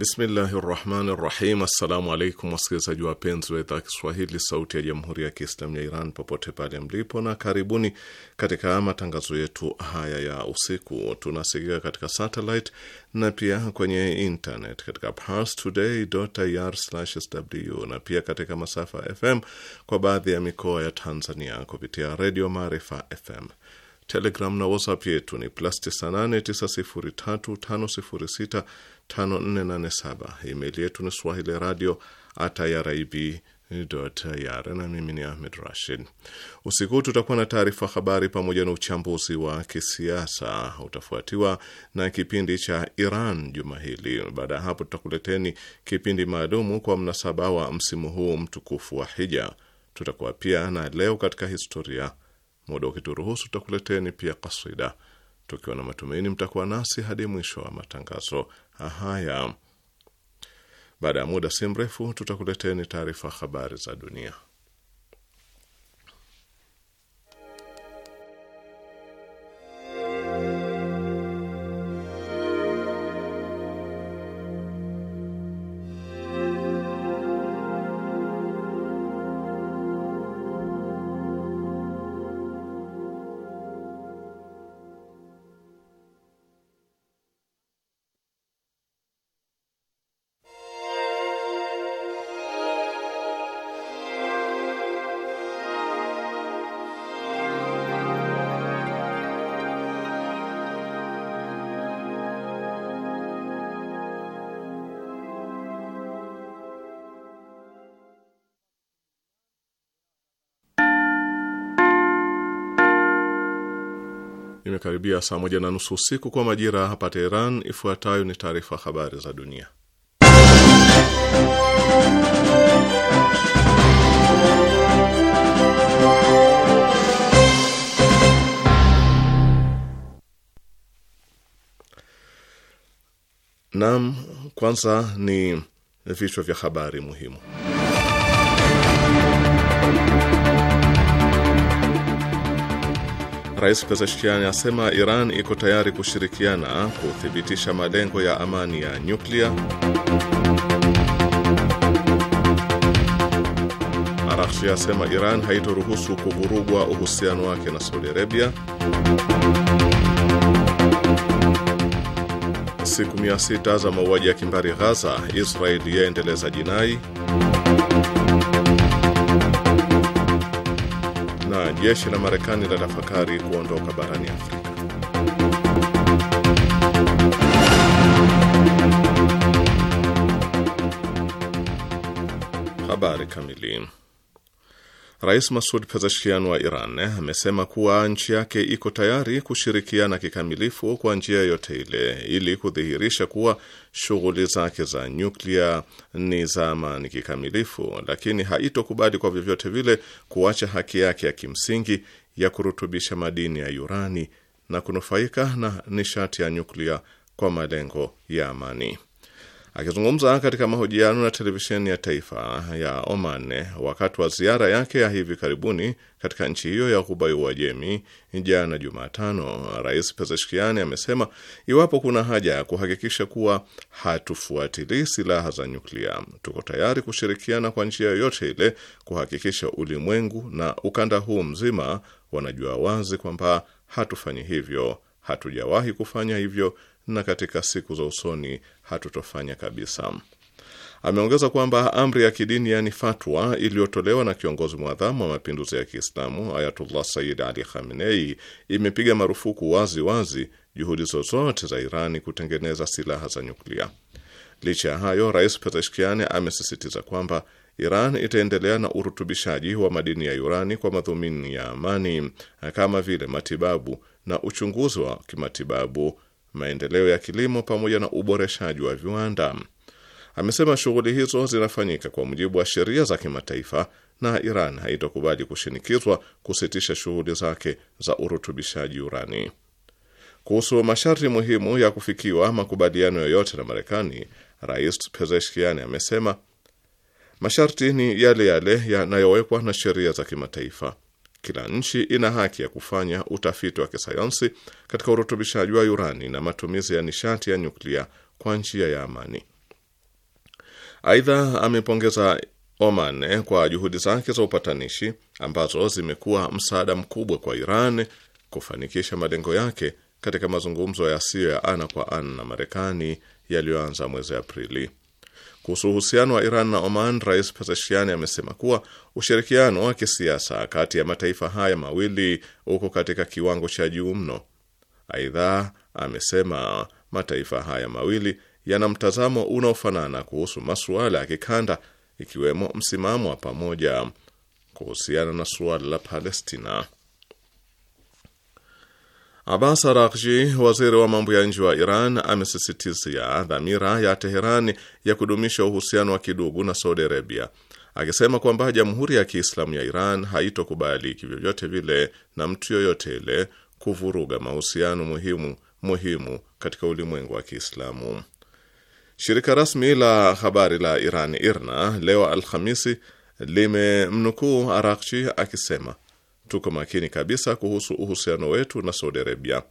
Bismillahi rahmani rahim. Assalamu alaikum wasikilizaji wapenzi wa idhaa Kiswahili sauti ya jamhuri ya Kiislamu ya Iran popote pale mlipo, na karibuni katika matangazo yetu haya ya usiku. Tunasikika katika satellite na pia kwenye internet katika parstoday.ir/sw na pia katika masafa FM kwa baadhi ya mikoa ya Tanzania kupitia redio Maarifa FM. Telegram na WhatsApp yetu ni plus 98 903 506 5487. Email yetu ni swahili radio irib na mimi ni Ahmed Rashid. Usiku huu tutakuwa na taarifa habari pamoja na uchambuzi wa kisiasa, utafuatiwa na kipindi cha Iran juma hili. Baada ya hapo, tutakuleteni kipindi maalumu kwa mnasaba wa msimu huu mtukufu wa Hija. Tutakuwa pia na leo katika historia. Muda ukituruhusu, tutakuleteni pia kasida, tukiwa na matumaini mtakuwa nasi hadi mwisho wa matangazo haya. Baada ya muda si mrefu, tutakuleteni taarifa habari za dunia. imekaribia saa moja na nusu usiku kwa majira hapa Teheran. Ifuatayo ni taarifa habari za dunia. Naam, kwanza ni vichwa vya habari muhimu. Rais Pezeshkian asema Iran iko tayari kushirikiana kuthibitisha malengo ya amani ya nyuklia. Araghchi asema Iran haitoruhusu kuvurugwa uhusiano wake na Saudi Arabia. Siku mia sita za mauaji ya kimbari Ghaza, Israeli yaendeleza jinai. jeshi la Marekani la tafakari kuondoka barani Afrika. Habari kamili. Rais Masud Pezeshkian wa Iran eh, amesema kuwa nchi yake iko tayari kushirikiana kikamilifu kwa njia yote ile ili kudhihirisha kuwa shughuli zake za nyuklia ni za amani kikamilifu, lakini haitokubali kwa vyovyote vile kuacha haki yake ya kimsingi ya kurutubisha madini ya urani na kunufaika na nishati ya nyuklia kwa malengo ya amani. Akizungumza katika mahojiano na televisheni ya taifa ya Oman wakati wa ziara yake ya hivi karibuni katika nchi hiyo ya Ghuba ya Uajemi jana Jumatano, Rais Pezeshkian amesema iwapo kuna haja ya kuhakikisha kuwa hatufuatilii silaha za nyuklia, tuko tayari kushirikiana kwa njia yoyote ile kuhakikisha ulimwengu na ukanda huu mzima wanajua wazi kwamba hatufanyi hivyo Hatujawahi kufanya hivyo na katika siku za usoni hatutofanya kabisa. Ameongeza kwamba amri ya kidini yaani fatwa iliyotolewa na kiongozi mwadhamu wa mapinduzi ya Kiislamu Ayatullah Sayyid Ali Khamenei imepiga marufuku wazi wazi juhudi zozote za Irani kutengeneza silaha za nyuklia. Licha ya hayo, Rais Pezeshkian amesisitiza kwamba Iran itaendelea na urutubishaji wa madini ya urani kwa madhumuni ya amani kama vile matibabu na uchunguzi wa kimatibabu, maendeleo ya kilimo pamoja na uboreshaji wa viwanda. Amesema shughuli hizo zinafanyika kwa mujibu wa sheria za kimataifa na Iran haitokubali kushinikizwa kusitisha shughuli zake za urutubishaji urani. Kuhusu masharti muhimu ya kufikiwa makubaliano yoyote na Marekani, Rais Pezeshkian amesema masharti ni yale yale yanayowekwa na sheria za kimataifa. Kila nchi ina haki ya kufanya utafiti wa kisayansi katika urutubishaji wa urani na matumizi ya nishati ya nyuklia kwa njia ya amani. Aidha, amepongeza Oman kwa juhudi zake za upatanishi ambazo zimekuwa msaada mkubwa kwa Iran kufanikisha malengo yake katika mazungumzo yasiyo ya ana kwa ana na Marekani yaliyoanza mwezi Aprili. Kuhusu uhusiano wa Iran na Oman, Rais Pezeshkian amesema kuwa ushirikiano wa kisiasa kati ya mataifa haya mawili uko katika kiwango cha juu mno. Aidha, amesema mataifa haya mawili yana mtazamo unaofanana kuhusu masuala ya kikanda, ikiwemo msimamo wa pamoja kuhusiana na suala la Palestina. Abbas Araghchi, waziri wa mambo ya nje wa Iran, amesisitizia dhamira ya Teherani ya kudumisha uhusiano wa kidugu na Saudi Arabia, akisema kwamba Jamhuri ya Kiislamu ya Iran haitokubali kivyovyote vile na mtu yoyote ile kuvuruga mahusiano muhimu muhimu katika ulimwengu wa Kiislamu. Shirika rasmi la habari la Iran IRNA leo Alhamisi limemnukuu Araghchi akisema tuko makini kabisa kuhusu uhusiano wetu na Saudi Arabia.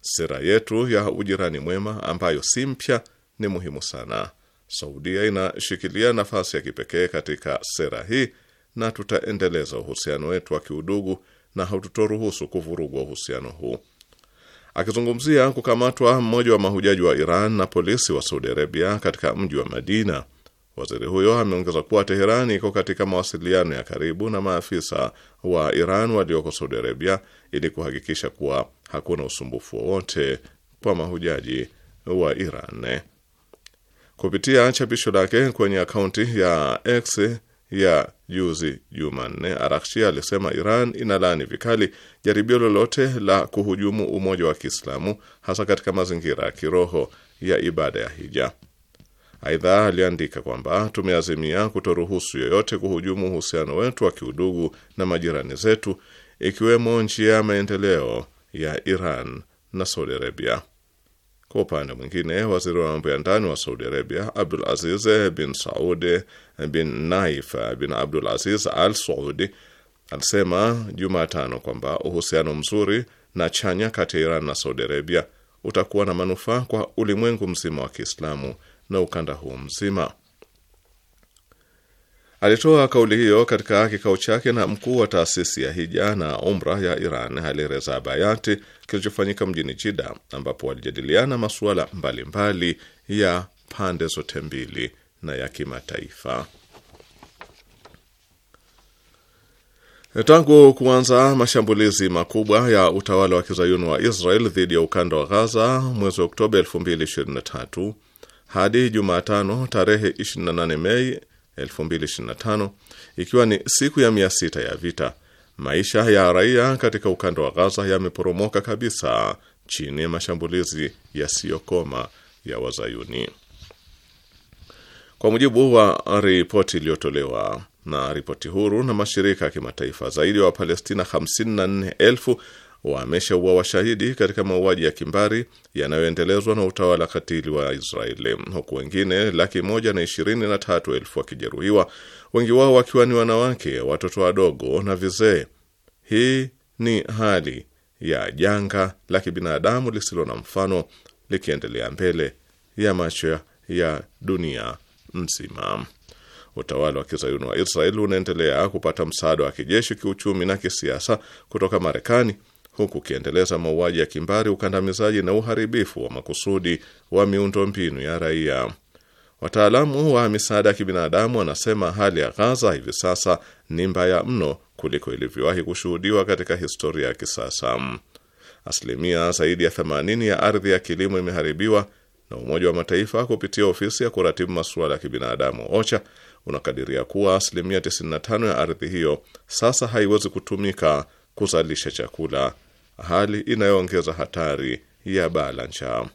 Sera yetu ya ujirani mwema ambayo si mpya ni muhimu sana. Saudia inashikilia nafasi ya kipekee katika sera hii na tutaendeleza uhusiano wetu wa kiudugu na hatutoruhusu kuvurugwa uhusiano huu. Akizungumzia kukamatwa mmoja wa mahujaji wa Iran na polisi wa Saudi Arabia katika mji wa Madina Waziri huyo ameongeza kuwa teheran iko katika mawasiliano ya karibu na maafisa wa Iran walioko Saudi Arabia ili kuhakikisha kuwa hakuna usumbufu wowote kwa mahujaji wa Iran. Kupitia chapisho lake kwenye akaunti ya X ya juzi Jumanne, Arakshi alisema Iran inalaani vikali jaribio lolote la kuhujumu umoja wa Kiislamu, hasa katika mazingira ya kiroho ya ibada ya hija. Aidha aliandika kwamba tumeazimia kutoruhusu yoyote kuhujumu uhusiano wetu wa kiudugu na majirani zetu, ikiwemo njia ya maendeleo ya Iran na Saudi Arabia. Kwa upande mwingine, waziri wa mambo ya ndani wa Saudi Arabia Abdul Aziz bin Saud bin Naif bin Abdul Aziz Al Saudi alisema Jumatano kwamba uhusiano mzuri na chanya kati ya Iran na Saudi Arabia utakuwa na manufaa kwa ulimwengu mzima wa Kiislamu na ukanda huu mzima. Alitoa kauli hiyo katika kikao chake na mkuu wa taasisi ya hija na umra ya Iran Alireza Bayati kilichofanyika mjini Jida, ambapo walijadiliana masuala mbalimbali ya pande zote mbili na ya kimataifa. Tangu kuanza mashambulizi makubwa ya utawala wa kizayuni wa Israel dhidi ya ukanda wa Ghaza mwezi Oktoba 2023 hadi Jumatano tarehe 28 Mei 2025 ikiwa ni siku ya mia sita ya vita, maisha ya raia katika ukanda wa Gaza yameporomoka kabisa chini ya mashambulizi yasiyokoma ya Wazayuni. Kwa mujibu wa ripoti iliyotolewa na ripoti huru na mashirika ya kimataifa, zaidi ya Wapalestina 54,000 wameshaua washahidi katika mauaji ya kimbari yanayoendelezwa na utawala katili wa Israeli, huku wengine laki moja na ishirini na tatu elfu wakijeruhiwa, wengi wao wakiwa ni wanawake, watoto wadogo na vizee. Hii ni hali ya janga la kibinadamu lisilo na mfano likiendelea mbele ya macho ya dunia nzima. Utawala wa kizayuni wa Israeli unaendelea kupata msaada wa kijeshi, kiuchumi na kisiasa kutoka Marekani huku ukiendeleza mauaji ya kimbari, ukandamizaji na uharibifu wa makusudi wa miundombinu ya raia. Wataalamu wa misaada ya kibinadamu wanasema hali ya Ghaza hivi sasa ni mbaya mno kuliko ilivyowahi kushuhudiwa katika historia ya kisasa. Asilimia zaidi ya 80 ya ardhi ya kilimo imeharibiwa, na Umoja wa Mataifa kupitia ofisi ya kuratibu masuala ya kibinadamu OCHA unakadiria kuwa asilimia 95 ya ardhi hiyo sasa haiwezi kutumika kuzalisha chakula, hali inayoongeza hatari ya baa la njaa.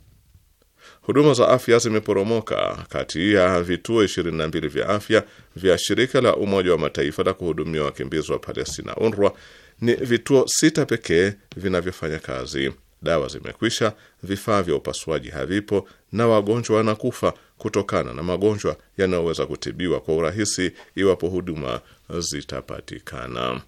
Huduma za afya zimeporomoka kati ya vituo 22 vya afya vya shirika la Umoja wa Mataifa la kuhudumia wakimbizi wa Palestina, UNRWA. Ni vituo sita pekee vinavyofanya kazi. Dawa zimekwisha, vifaa vya upasuaji havipo, na wagonjwa wanakufa kutokana na magonjwa yanayoweza kutibiwa kwa urahisi iwapo huduma zitapatikana.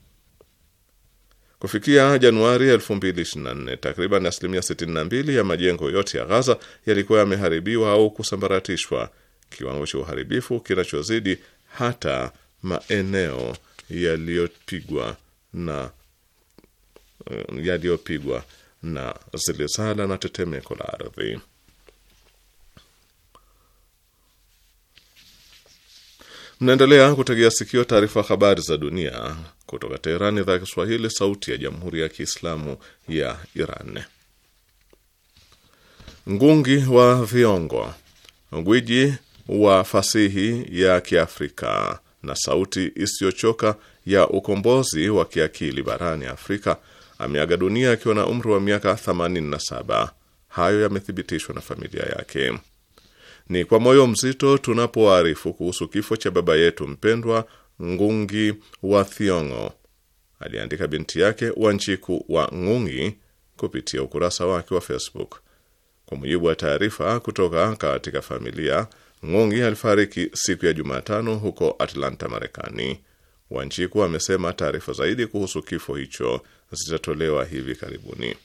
Kufikia Januari 2024 takriban asilimia 62 ya majengo yote ya Ghaza yalikuwa yameharibiwa au kusambaratishwa, kiwango cha uharibifu kinachozidi hata maeneo yaliyopigwa na eh, yaliyopigwa na zilizala na tetemeko la ardhi. Mnaendelea kutegea sikio taarifa habari za dunia kutoka Teherani, idhaa ya Kiswahili, sauti ya jamhuri ya kiislamu ya Iran. Ngungi wa viongo, gwiji wa fasihi ya Kiafrika na sauti isiyochoka ya ukombozi wa kiakili barani Afrika ameaga dunia akiwa na umri wa miaka 87. Hayo yamethibitishwa na familia yake. Ni kwa moyo mzito tunapoarifu kuhusu kifo cha baba yetu mpendwa Ngungi wa Thiong'o, aliandika binti yake Wanjiku wa Ng'ungi kupitia ukurasa wake wa Facebook. Kwa mujibu wa taarifa kutoka katika familia, Ng'ungi alifariki siku ya Jumatano huko Atlanta, Marekani. Wanjiku amesema taarifa zaidi kuhusu kifo hicho zitatolewa hivi karibuni.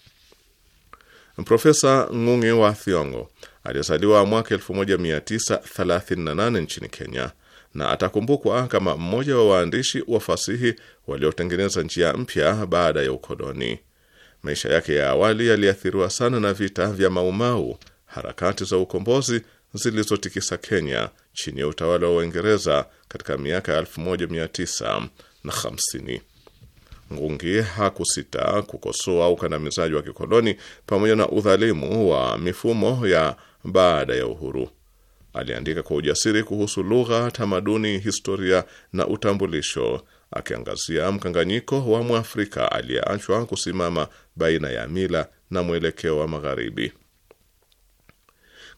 Profesa Ng'ungi wa Thiong'o aliyezaliwa mwaka 1938 nchini Kenya na atakumbukwa kama mmoja wa waandishi wa fasihi waliotengeneza njia mpya baada ya ukoloni. Maisha yake ya awali yaliathiriwa sana na vita vya Maumau, harakati za ukombozi zilizotikisa Kenya chini ya utawala wa Uingereza katika miaka 1950. Ngungi hakusita kukosoa ukandamizaji wa kikoloni pamoja na udhalimu wa mifumo ya baada ya uhuru. Aliandika kwa ujasiri kuhusu lugha, tamaduni, historia na utambulisho, akiangazia mkanganyiko wa Mwafrika aliyeachwa kusimama baina ya mila na mwelekeo wa Magharibi.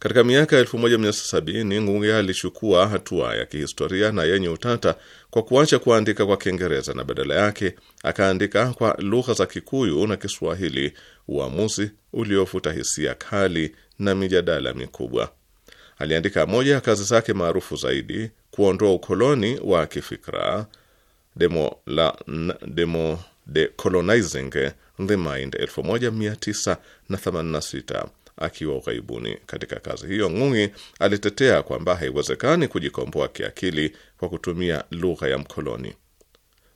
Katika miaka 1970 ngunge alichukua hatua ya kihistoria na yenye utata kwa kuacha kuandika kwa Kiingereza na badala yake akaandika kwa lugha za Kikuyu na Kiswahili, uamuzi uliofuta hisia kali na mijadala mikubwa. Aliandika moja ya kazi zake maarufu zaidi, Kuondoa ukoloni wa kifikra, demo la, demo, colonizing the Mind 1986 akiwa ughaibuni. Katika kazi hiyo, Ng'ung'i alitetea kwamba haiwezekani kujikomboa kiakili kwa kutumia lugha ya mkoloni.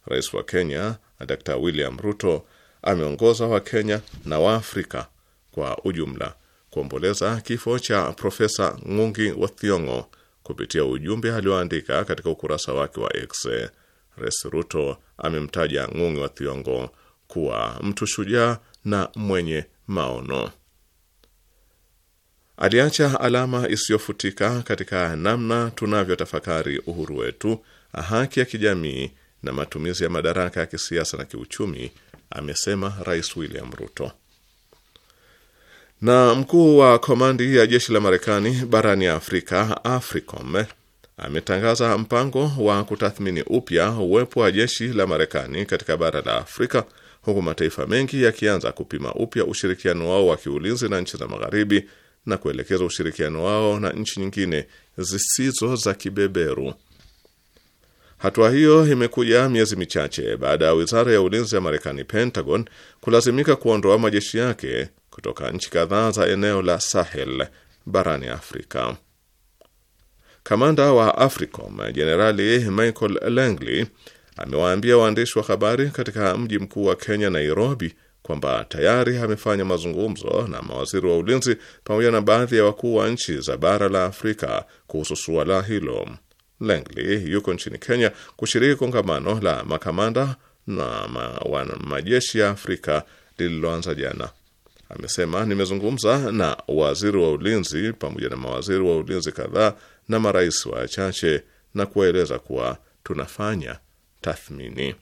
Rais wa Kenya Dr. William Ruto ameongoza Wakenya na Waafrika kwa ujumla kuomboleza kifo cha Profesa Ng'ungi wa Thiong'o kupitia ujumbe alioandika katika ukurasa wake wa X. Rais Ruto amemtaja Ng'ungi wa Thiong'o kuwa mtu shujaa na mwenye maono. Aliacha alama isiyofutika katika namna tunavyotafakari uhuru wetu, haki ya kijamii na matumizi ya madaraka ya kisiasa na kiuchumi, amesema Rais William Ruto. Na mkuu wa komandi ya jeshi la Marekani barani ya Afrika, AFRICOM, ametangaza mpango wa kutathmini upya uwepo wa jeshi la Marekani katika bara la Afrika, huku mataifa mengi yakianza kupima upya ushirikiano wao wa kiulinzi na nchi za Magharibi na kuelekeza ushirikiano wao na nchi nyingine zisizo za kibeberu. Hatua hiyo imekuja miezi michache baada ya wizara ya ulinzi ya Marekani, Pentagon, kulazimika kuondoa majeshi yake kutoka nchi kadhaa za eneo la Sahel barani Afrika. Kamanda wa AFRICOM Jenerali Michael Langley amewaambia waandishi wa habari katika mji mkuu wa Kenya, Nairobi, kwamba tayari amefanya mazungumzo na mawaziri wa ulinzi pamoja na baadhi ya wakuu wa nchi za bara la Afrika kuhusu suala hilo. Langley yuko nchini Kenya kushiriki kongamano la makamanda na ma, majeshi ya Afrika lililoanza jana. Amesema, nimezungumza na waziri wa ulinzi pamoja na mawaziri wa ulinzi kadhaa na marais wachache na kuwaeleza kuwa tunafanya tathmini.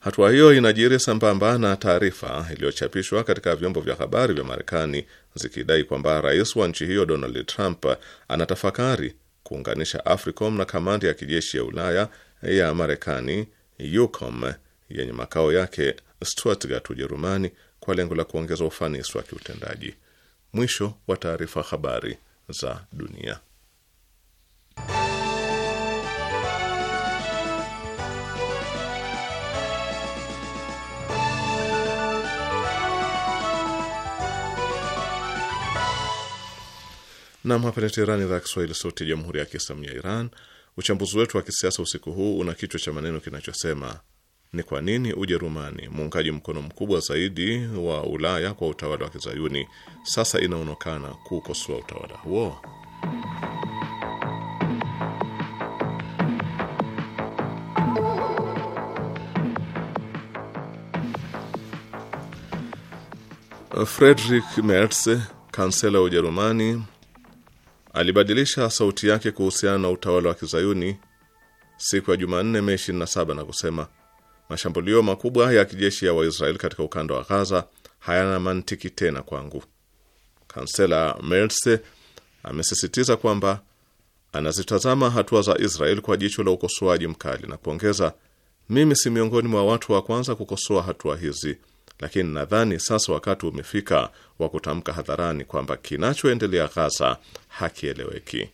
Hatua hiyo inajiri sambamba na taarifa iliyochapishwa katika vyombo vya habari vya Marekani zikidai kwamba rais wa nchi hiyo Donald Trump anatafakari kuunganisha AFRICOM na kamandi ya kijeshi ya Ulaya ya Marekani EUCOM yenye makao yake Stuttgart, Ujerumani kwa lengo la kuongeza ufanisi wa kiutendaji. Mwisho wa taarifa. Habari za dunia. Nam, hapa ni Teherani, idhaa ya Kiswahili, sauti ya jamhuri ya kiislamu ya Iran. Uchambuzi wetu wa kisiasa usiku huu una kichwa cha maneno kinachosema ni kwa nini Ujerumani, muungaji mkono mkubwa zaidi wa Ulaya kwa utawala wa kizayuni, sasa inaonekana kuukosoa utawala huo. Friedrich Merz, kansela wa Ujerumani alibadilisha sauti yake kuhusiana na utawala wa kizayuni siku ya Jumanne, Mei 27 na kusema mashambulio makubwa ya kijeshi ya Waisraeli katika ukanda wa Gaza hayana mantiki tena kwangu. Kansela Merz amesisitiza kwamba anazitazama hatua za Israeli kwa jicho la ukosoaji mkali na kuongeza, mimi si miongoni mwa watu wa kwanza kukosoa hatua hizi lakini nadhani sasa wakati umefika wa kutamka hadharani kwamba kinachoendelea Ghaza hakieleweki.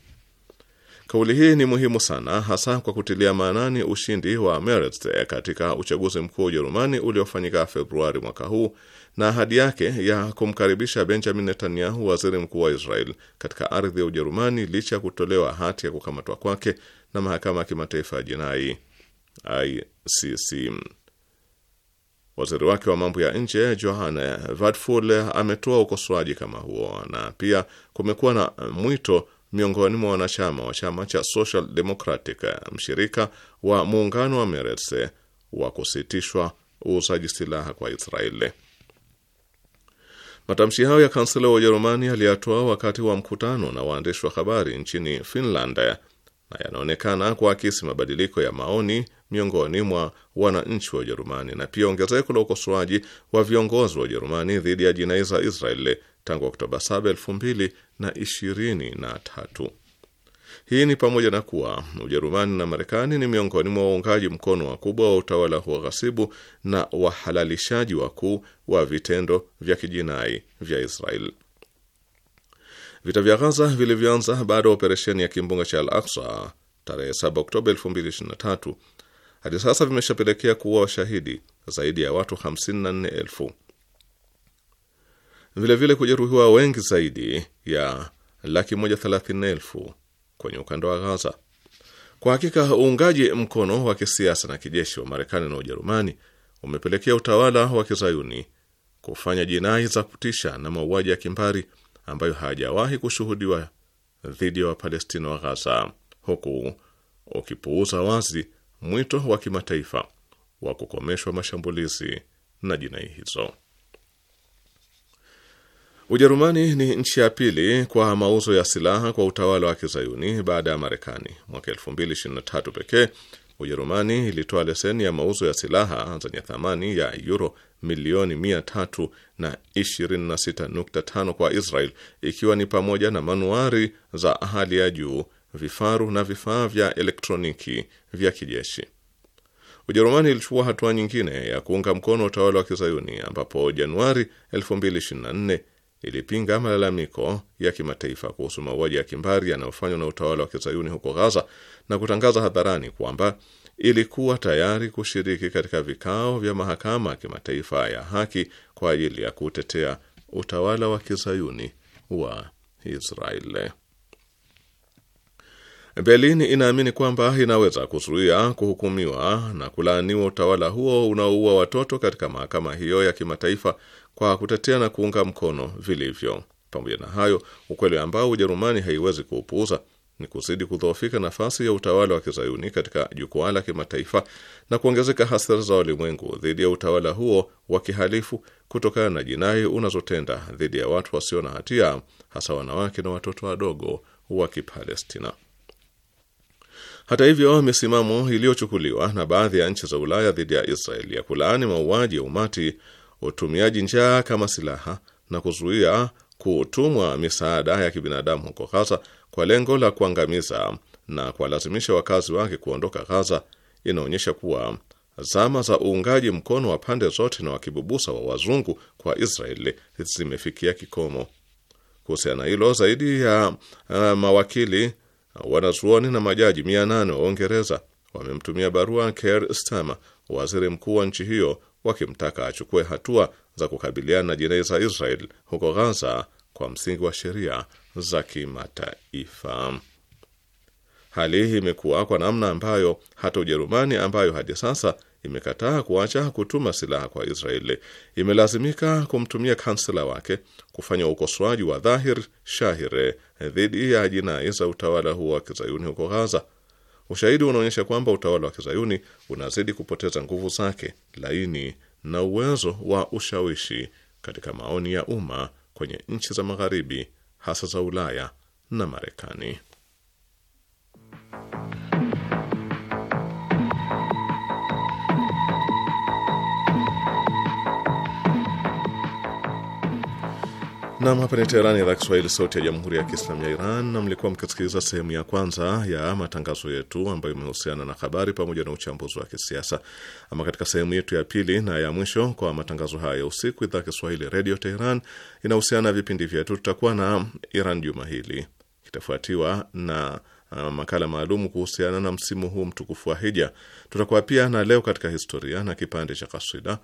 Kauli hii ni muhimu sana, hasa kwa kutilia maanani ushindi wa Merz katika uchaguzi mkuu wa Ujerumani uliofanyika Februari mwaka huu na ahadi yake ya kumkaribisha Benjamin Netanyahu, waziri mkuu wa Israel, katika ardhi ya Ujerumani licha ya kutolewa hati ya kukamatwa kwake na mahakama ya kimataifa ya jinai ICC. Waziri wake wa mambo ya nje Johanne Vadful ametoa ukosoaji kama huo, na pia kumekuwa na mwito miongoni mwa wanachama wa chama cha Social Democratic, mshirika wa muungano wa Meretz, wa kusitishwa uuzaji silaha kwa Israeli. Matamshi hayo ya kansela wa Ujerumani aliyatoa wakati wa mkutano na waandishi wa habari nchini Finland na yanaonekana kuakisi mabadiliko ya maoni miongoni mwa wananchi wa Ujerumani na pia ongezeko la ukosoaji wa viongozi wa Ujerumani dhidi ya jinai za Israeli tangu Oktoba 7, 2023. Hii ni pamoja na kuwa Ujerumani na Marekani ni miongoni mwa waungaji mkono wakubwa wa utawala huo ghasibu na wahalalishaji wakuu wa vitendo vya kijinai vya Israeli. Vita vya Ghaza vilivyoanza baada ya operesheni ya kimbunga cha Al Aksa tarehe 7 Oktoba 2023 hadi sasa vimeshapelekea kuwa washahidi zaidi ya watu 54,000 vilevile kujeruhiwa wengi zaidi ya laki moja elfu kwenye ukanda wa Gaza. Kwa hakika uungaji mkono wa kisiasa na kijeshi wa Marekani na Ujerumani umepelekea utawala wa kizayuni kufanya jinai za kutisha na mauaji ya kimbari ambayo hayajawahi kushuhudiwa dhidi ya Wapalestina wa Ghaza, huku ukipuuza wazi mwito wa kimataifa wa kukomeshwa mashambulizi na jinai hizo. Ujerumani ni nchi ya pili kwa mauzo ya silaha kwa utawala wa kizayuni baada ya Marekani. Mwaka 2023 pekee Ujerumani ilitoa leseni ya mauzo ya silaha zenye thamani ya euro milioni 326.5 kwa Israel, ikiwa ni pamoja na manuari za hali ya juu, vifaru na vifaa vya elektroniki vya kijeshi. Ujerumani ilichukua hatua nyingine ya kuunga mkono utawala wa Kizayuni, ambapo Januari 2024 ilipinga malalamiko ya kimataifa kuhusu mauaji ya kimbari yanayofanywa na utawala wa Kizayuni huko Gaza na kutangaza hadharani kwamba ilikuwa tayari kushiriki katika vikao vya mahakama ya kimataifa ya haki kwa ajili ya kutetea utawala wa kizayuni wa israel Berlin inaamini kwamba inaweza kuzuia kuhukumiwa na kulaaniwa utawala huo unaoua watoto katika mahakama hiyo ya kimataifa kwa kutetea na kuunga mkono vilivyo. Pamoja na hayo, ukweli ambao Ujerumani haiwezi kuupuuza ni kuzidi kudhoofika nafasi ya utawala wa kizayuni katika jukwaa la kimataifa na kuongezeka hasira za walimwengu dhidi ya utawala huo wa kihalifu kutokana na jinai unazotenda dhidi ya watu wasio na hatia, hasa wanawake na watoto wadogo wa Kipalestina. Hata hivyo, misimamo iliyochukuliwa na baadhi ya nchi za Ulaya dhidi ya Israeli ya kulaani mauaji ya umati, utumiaji njaa kama silaha na kuzuia kutumwa misaada ya kibinadamu huko Gaza kwa lengo la kuangamiza na kuwalazimisha wakazi wake kuondoka Ghaza inaonyesha kuwa zama za uungaji mkono wa pande zote na wakibubusa wa wazungu kwa Israeli zimefikia kikomo. Kuhusiana hilo, zaidi ya uh, mawakili eh, wanazuoni na majaji mia nane wa Uingereza wamemtumia barua Keir Starmer, waziri mkuu wa nchi hiyo, wakimtaka achukue hatua za kukabiliana na jinai za Israel huko Ghaza kwa msingi wa sheria za kimataifa. Hali hii imekuwa kwa namna ambayo hata Ujerumani ambayo hadi sasa imekataa kuacha kutuma silaha kwa Israeli imelazimika kumtumia kansela wake kufanya ukosoaji wa dhahir shahire dhidi ya jinai za utawala huo wa kizayuni huko Ghaza. Ushahidi unaonyesha kwamba utawala wa kizayuni unazidi kupoteza nguvu zake laini na uwezo wa ushawishi katika maoni ya umma kwenye nchi za magharibi hasa za Ulaya na Marekani. Nam, hapa ni Teherani, idhaa Kiswahili, sauti ya jamhuri ya kiislamu ya Iran, na mlikuwa mkisikiliza sehemu ya kwanza ya matangazo yetu ambayo imehusiana na habari pamoja na uchambuzi wa kisiasa. Ama katika sehemu yetu ya pili na ya mwisho kwa matangazo haya ya usiku, idhaa Kiswahili redio Teheran inahusiana na vipindi vyetu. Tutakuwa na Iran juma hili, kitafuatiwa na uh, makala maalum kuhusiana na msimu huu mtukufu wa Hija. Tutakuwa pia na leo katika historia na kipande cha kasida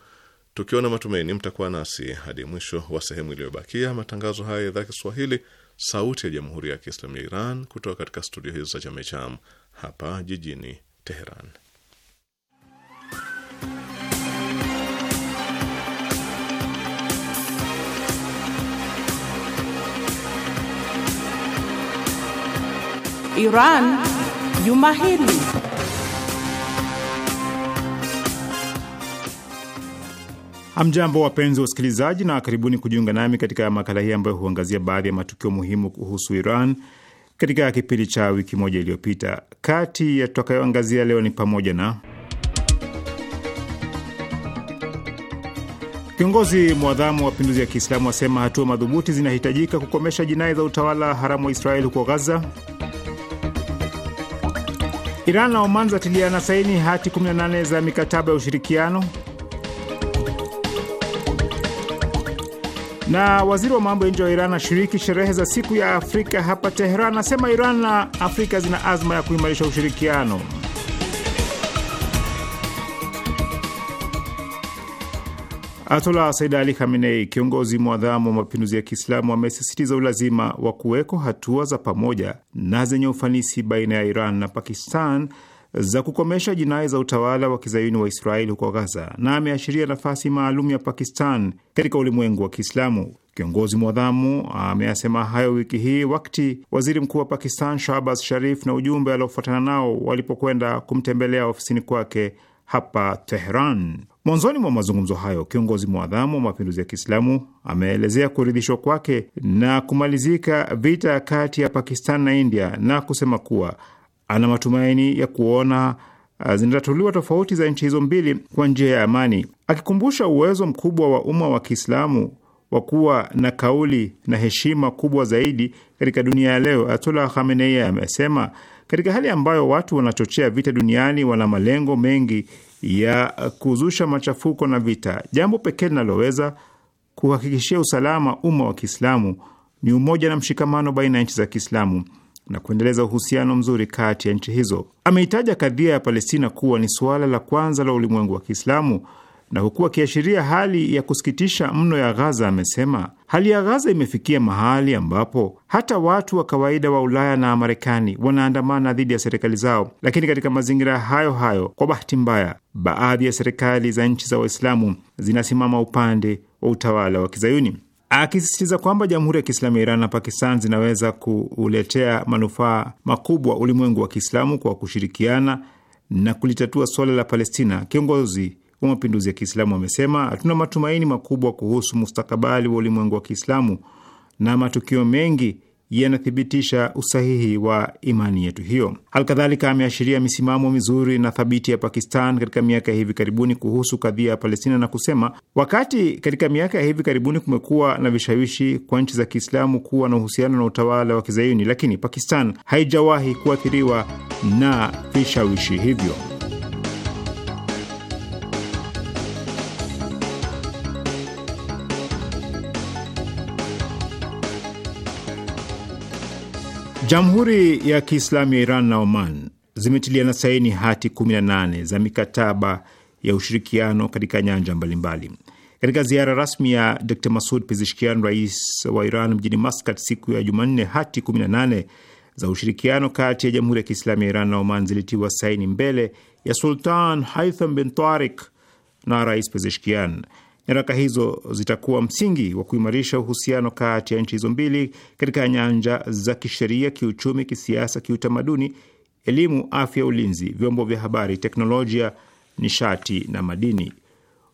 Tukiona matumaini, mtakuwa nasi hadi mwisho wa sehemu iliyobakia. Matangazo haya ya idhaa Kiswahili sauti ya jamhuri ya Kiislamu ya Iran kutoka katika studio hizo za Chamecham hapa jijini Teheran. Iran juma hili Amjambo, wapenzi wa usikilizaji, na karibuni kujiunga nami katika makala hii ambayo huangazia baadhi ya matukio muhimu kuhusu Iran katika kipindi cha wiki moja iliyopita. Kati ya tutakayoangazia leo ni pamoja na Kiongozi mwadhamu wa mapinduzi ya Kiislamu asema hatua madhubuti zinahitajika kukomesha jinai za utawala haramu wa Israeli huko Gaza. Iran na Oman zatiliana saini hati 18 za mikataba ya ushirikiano. Na waziri wa mambo ya nje wa Iran ashiriki sherehe za siku ya Afrika hapa Teheran. Anasema Iran na Afrika zina azma ya kuimarisha ushirikiano. Atola Said Ali Khamenei, kiongozi mwadhamu wa mapinduzi ya Kiislamu, amesisitiza ulazima wa kuweko hatua za pamoja na zenye ufanisi baina ya Iran na Pakistan za kukomesha jinai za utawala wa kizayuni wa Israeli huko Gaza na ameashiria nafasi maalum ya Pakistan katika ulimwengu wa Kiislamu. Kiongozi mwadhamu ameyasema hayo wiki hii wakati waziri mkuu wa Pakistan Shahbaz Sharif na ujumbe aliofuatana nao walipokwenda kumtembelea ofisini kwake hapa Tehran. Mwanzoni mwa mazungumzo hayo, kiongozi mwadhamu wa mapinduzi ya Kiislamu ameelezea kuridhishwa kwake na kumalizika vita kati ya Pakistan na India na kusema kuwa ana matumaini ya kuona uh, zinatatuliwa tofauti za nchi hizo mbili kwa njia ya amani, akikumbusha uwezo mkubwa wa umma wa Kiislamu wa kuwa na kauli na heshima kubwa zaidi katika dunia ya leo. Ayatullah Khamenei amesema katika hali ambayo watu wanachochea vita duniani wana malengo mengi ya kuzusha machafuko na vita, jambo pekee linaloweza kuhakikishia usalama umma wa Kiislamu ni umoja na mshikamano baina ya nchi za Kiislamu na kuendeleza uhusiano mzuri kati ya nchi hizo. Ameitaja kadhia ya Palestina kuwa ni suala la kwanza la ulimwengu wa Kiislamu na huku akiashiria hali ya kusikitisha mno ya Ghaza amesema hali ya Ghaza imefikia mahali ambapo hata watu wa kawaida wa Ulaya na Marekani wanaandamana dhidi ya serikali zao. Lakini katika mazingira hayo hayo, kwa bahati mbaya, baadhi ya serikali za nchi za Waislamu zinasimama upande wa utawala wa Kizayuni akisisitiza kwamba Jamhuri ya Kiislamu ya Iran na Pakistan zinaweza kuuletea manufaa makubwa ulimwengu wa Kiislamu kwa kushirikiana na kulitatua suala la Palestina. Kiongozi wa mapinduzi ya Kiislamu amesema, tuna matumaini makubwa kuhusu mustakabali wa ulimwengu wa Kiislamu na matukio mengi yanathibitisha usahihi wa imani yetu hiyo. Halikadhalika, ameashiria misimamo mizuri na thabiti ya Pakistan katika miaka ya hivi karibuni kuhusu kadhia ya Palestina na kusema, wakati katika miaka ya hivi karibuni kumekuwa na vishawishi kwa nchi za Kiislamu kuwa na uhusiano na utawala wa Kizayuni, lakini Pakistan haijawahi kuathiriwa na vishawishi hivyo. Jamhuri ya Kiislamu ya Iran na Oman zimetiliana saini hati 18 za mikataba ya ushirikiano katika nyanja mbalimbali. Katika ziara rasmi ya dr Masud Pezeshkian, rais wa Iran mjini Maskat siku ya Jumanne, hati 18 za ushirikiano kati ya Jamhuri ya Kiislamu ya Iran na Oman zilitiwa saini mbele ya Sultan Haitham bin Tarik na Rais Pezeshkian. Nyaraka hizo zitakuwa msingi wa kuimarisha uhusiano kati ya nchi hizo mbili katika nyanja za kisheria, kiuchumi, kisiasa, kiutamaduni, elimu, afya, ulinzi, vyombo vya habari, teknolojia, nishati na madini.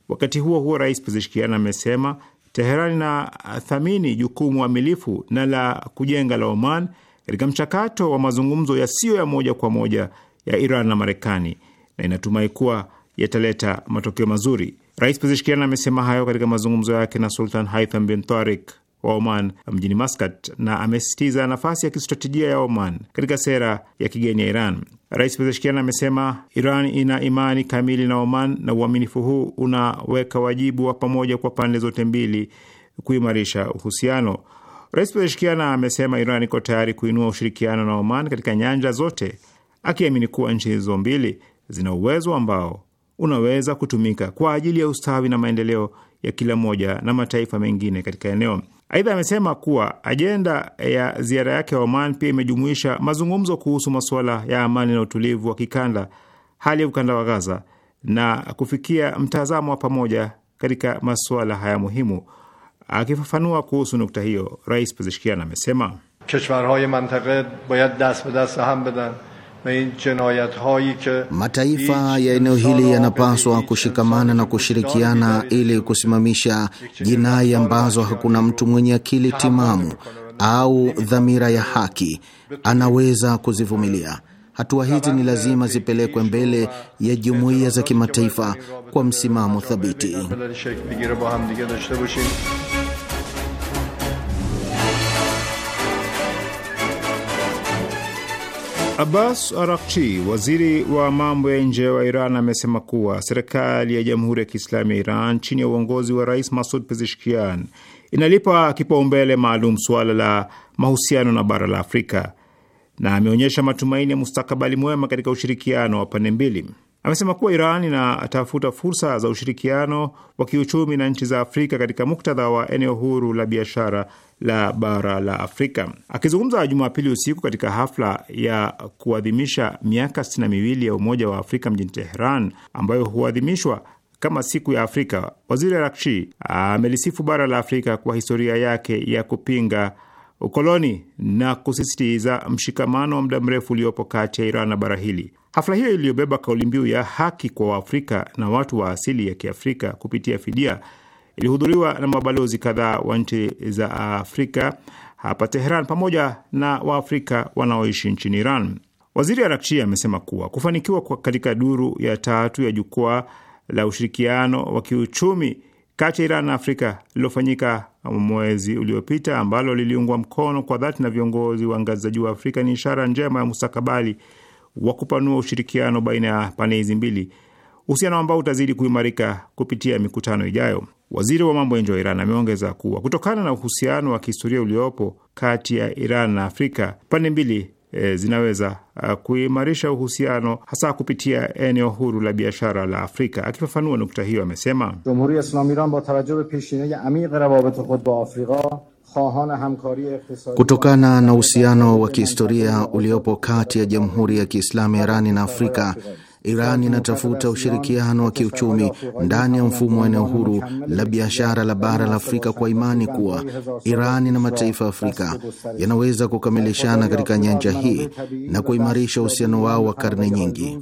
Wakati huo huo, Rais Pezeshkian amesema Teheran inathamini jukumu amilifu na la kujenga la Oman katika mchakato wa mazungumzo yasiyo ya moja kwa moja ya Iran na Marekani na inatumai kuwa yataleta matokeo mazuri. Rais Pezeshkian amesema hayo katika mazungumzo yake na Sultan Haitham bin Tarik wa Oman mjini Maskat na amesisitiza nafasi ya kistratejia ya Oman katika sera ya kigeni ya Iran. Rais Pezeshkian amesema Iran ina imani kamili na Oman na uaminifu huu unaweka wajibu wa pamoja kwa pande zote mbili kuimarisha uhusiano. Rais Pezeshkian amesema Iran iko tayari kuinua ushirikiano na Oman katika nyanja zote, akiamini kuwa nchi hizo mbili zina uwezo ambao unaweza kutumika kwa ajili ya ustawi na maendeleo ya kila moja na mataifa mengine katika eneo. Aidha, amesema kuwa ajenda ya ziara yake ya Oman pia imejumuisha mazungumzo kuhusu masuala ya amani na utulivu wa kikanda, hali ya ukanda wa Gaza na kufikia mtazamo wa pamoja katika masuala haya muhimu. Akifafanua kuhusu nukta hiyo, Rais Pezeshkian amesema keshvarhay mantaqe dast be dast ham bedan Mataifa ya eneo hili yanapaswa kushikamana na kushirikiana ili kusimamisha jinai ambazo hakuna mtu mwenye akili timamu au dhamira ya haki anaweza kuzivumilia. Hatua hizi ni lazima zipelekwe mbele ya jumuiya za kimataifa kwa msimamo thabiti. Abbas Arakchi, waziri wa mambo ya nje wa Iran, amesema kuwa serikali ya Jamhuri ya Kiislamu ya Iran chini ya uongozi wa Rais Masud Pezeshkian inalipa kipaumbele maalum suala la mahusiano na bara la Afrika na ameonyesha matumaini ya mustakabali mwema katika ushirikiano wa pande mbili. Amesema kuwa Iran inatafuta fursa za ushirikiano wa kiuchumi na nchi za Afrika katika muktadha wa eneo huru la biashara la bara la Afrika. Akizungumza Jumapili usiku katika hafla ya kuadhimisha miaka sitini na miwili ya Umoja wa Afrika mjini Teheran, ambayo huadhimishwa kama siku ya Afrika, waziri Rakshi amelisifu bara la Afrika kwa historia yake ya kupinga ukoloni na kusisitiza mshikamano wa muda mrefu uliopo kati ya Iran na bara hili. Hafla hiyo iliyobeba kauli mbiu ya haki kwa Waafrika na watu wa asili ya Kiafrika kupitia fidia ilihudhuriwa na mabalozi kadhaa wa nchi za Afrika hapa Teheran pamoja na Waafrika wanaoishi nchini Iran. Waziri Arakchi amesema kuwa kufanikiwa katika duru ya tatu ya jukwaa la ushirikiano wa kiuchumi kati ya Iran na Afrika lililofanyika mwezi uliopita, ambalo liliungwa mkono kwa dhati na viongozi wa ngazi za juu wa Afrika, ni ishara njema ya mustakabali wa kupanua ushirikiano baina ya pande hizi mbili uhusiano ambao utazidi kuimarika kupitia mikutano ijayo. Waziri wa mambo ya nje wa Iran ameongeza kuwa kutokana na uhusiano wa kihistoria uliopo kati ya Iran na Afrika, pande mbili e, zinaweza kuimarisha uhusiano hasa kupitia eneo huru la biashara la Afrika. Akifafanua nukta hiyo, amesema kutokana na uhusiano wa kihistoria uliopo kati ya Jamhuri ya Kiislamu ya Irani na Afrika Iran inatafuta ushirikiano wa kiuchumi ndani ya mfumo wa eneo huru la biashara la bara la Afrika kwa imani kuwa Iran na mataifa ya Afrika yanaweza kukamilishana katika nyanja hii na kuimarisha uhusiano wao wa karne nyingi.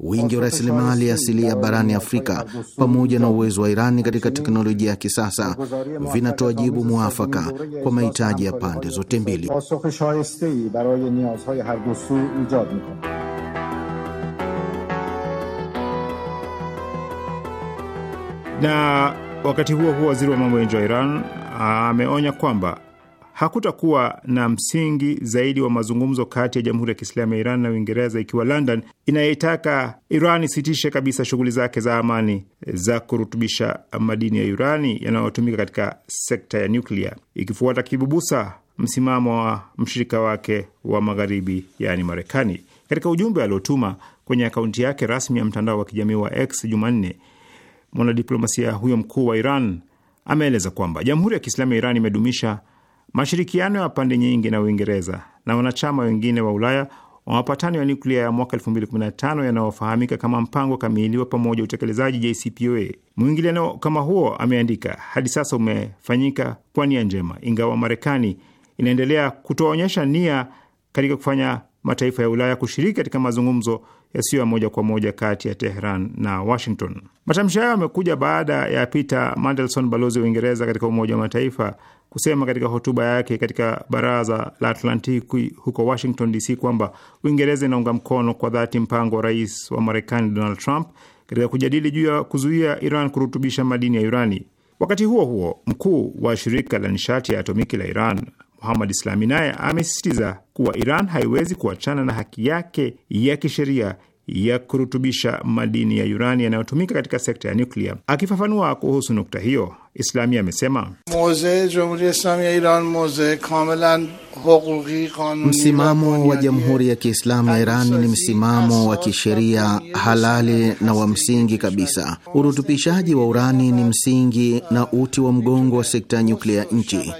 Wingi wa rasilimali asilia barani Afrika pamoja na uwezo wa Irani katika teknolojia ya kisasa vinatoa jibu mwafaka kwa mahitaji ya pande zote mbili. Na wakati huo huo, waziri wa mambo ya nje wa Iran ah, ameonya kwamba hakutakuwa na msingi zaidi wa mazungumzo kati ya Jamhuri ya Kiislamu ya Iran na Uingereza ikiwa London inayetaka Iran isitishe kabisa shughuli zake za amani za kurutubisha madini ya urani yanayotumika katika sekta ya nyuklia, ikifuata kibubusa msimamo wa mshirika wake wa Magharibi, yaani Marekani. Katika ujumbe aliotuma kwenye akaunti yake rasmi ya mtandao wa kijamii wa X Jumanne, mwanadiplomasia huyo mkuu wa Iran ameeleza kwamba Jamhuri ya Kiislamu ya Iran imedumisha mashirikiano ya pande nyingi na Uingereza na wanachama wengine wa Ulaya wa mapatano ya nuklia ya mwaka 2015 yanayofahamika kama mpango kamili wa pamoja utekelezaji JCPOA. Mwingiliano kama huo, ameandika, hadi sasa umefanyika kwa nia njema, ingawa Marekani inaendelea kutoonyesha nia katika kufanya mataifa ya Ulaya kushiriki katika mazungumzo yasiyo ya moja kwa moja kati ya teheran na Washington. Matamshi hayo yamekuja baada ya Peter Mandelson, balozi wa Uingereza katika Umoja wa Mataifa, kusema katika hotuba yake katika Baraza la Atlantiki huko Washington DC kwamba Uingereza inaunga mkono kwa dhati mpango wa rais wa Marekani Donald Trump katika kujadili juu ya kuzuia Iran kurutubisha madini ya urani. Wakati huo huo, mkuu wa shirika la nishati ya atomiki la Iran Muhammad Islami naye amesisitiza kuwa Iran haiwezi kuachana na haki yake ya kisheria ya kurutubisha madini ya urani yanayotumika katika sekta ya nyuklia. Akifafanua kuhusu nukta hiyo, Islamia amesema msimamo wa Jamhuri ya Kiislamu ya Iran ni msimamo wa kisheria halali na wa msingi kabisa. Urutubishaji wa urani ni msingi na uti wa mgongo wa sekta ya nyuklia ya nchi.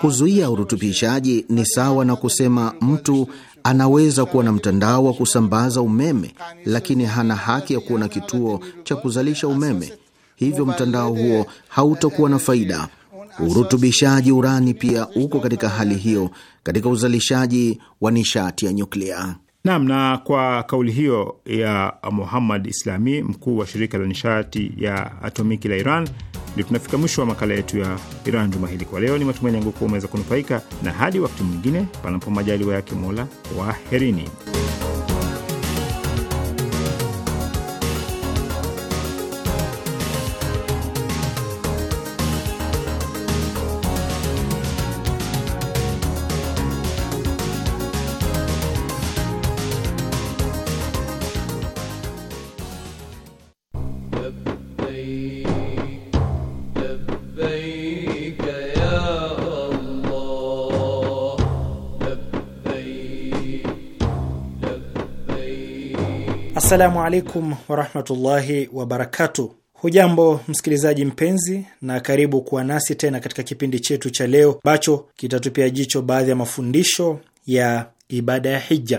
Kuzuia urutubishaji ni sawa na kusema mtu Anaweza kuwa na mtandao wa kusambaza umeme, lakini hana haki ya kuwa na kituo cha kuzalisha umeme, hivyo mtandao huo hautakuwa na faida. Urutubishaji urani pia uko katika hali hiyo katika uzalishaji wa nishati ya nyuklia. Naam, na kwa kauli hiyo ya Muhammad Islami, mkuu wa shirika la nishati ya atomiki la Iran ndio tunafika mwisho wa makala yetu ya Iran juma hili kwa leo. Ni matumaini yangu kuwa umeweza kunufaika, na hadi wakati mwingine, panapo majaliwa yake Mola, waherini. Assalamu alaikum warahmatullahi wabarakatuh. Hujambo msikilizaji mpenzi, na karibu kuwa nasi tena katika kipindi chetu cha leo ambacho kitatupia jicho baadhi ya mafundisho ya ibada ya hija.